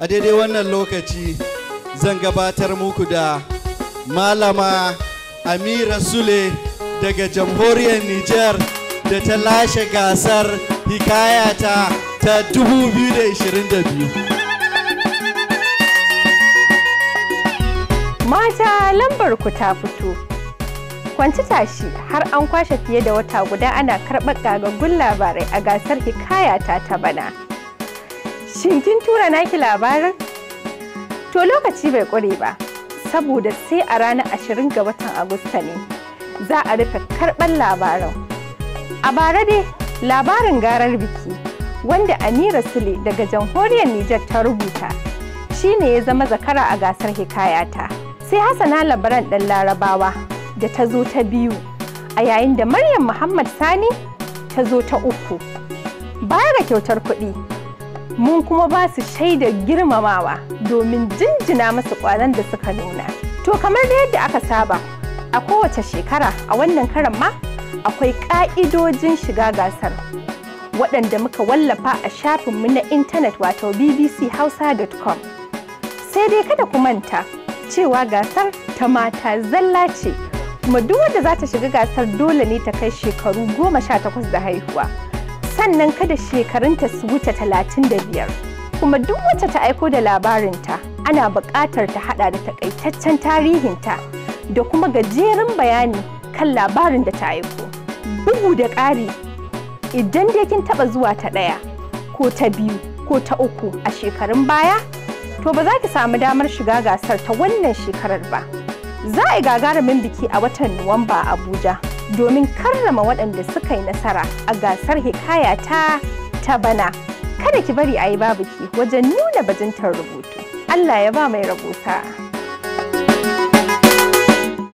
a daidai wannan lokaci zan gabatar muku da malama amira sule daga jamhuriyar niger da ta lashe gasar hikayata ta 2022 mata lambar ku ta fito kwanci tashi har an kwashe fiye da wata guda ana karɓar gagagun labarai a gasar hikayata ta bana Shin kin tura naki labarin? To lokaci bai ƙure ba, saboda sai a ranar ashirin ga watan Agusta ne za a rufe karɓar labarin. A bara dai labarin garar biki wanda Amira Sule daga jamhuriyar Nijar ta rubuta shi ne ya zama zakara a gasar hikayata. Sai Hassana labaran ɗan Larabawa da ta zo ta biyu a yayin da Maryam Muhammad Sani ta zo ta uku. Baya da kyautar kuɗi mun kuma ba su shaidar girmamawa domin jinjina masu kwanan da suka nuna. To kamar da yadda aka saba a kowace shekara a wannan karan ma akwai ƙa'idojin shiga gasar waɗanda muka wallafa a shafinmu na intanet wato bbchausa.com. Sai dai kada ku manta cewa gasar ta mata zalla ce kuma duk wanda za ta shiga gasar dole ne ta kai shekaru goma sha takwas da haihuwa. sannan kada shekarunta su wuce talatin da biyar kuma duk wata ta aiko da labarinta ana buƙatar ta haɗa da taƙaitaccen tarihinta da kuma gajerun bayani kan labarin da ta aiko bugu da ƙari idan dai kin taɓa zuwa ta ɗaya ko ta biyu ko ta uku a shekarun baya to ba za ki samu damar shiga gasar ta wannan shekarar ba za a yi gagarumin biki a watan nuwamba a abuja domin karrama waɗanda suka yi nasara a gasar hikaya ta ta bana. Kada ki bari a yi babuki wajen nuna bajintar rubutu. Allah ya ba mai rabuta.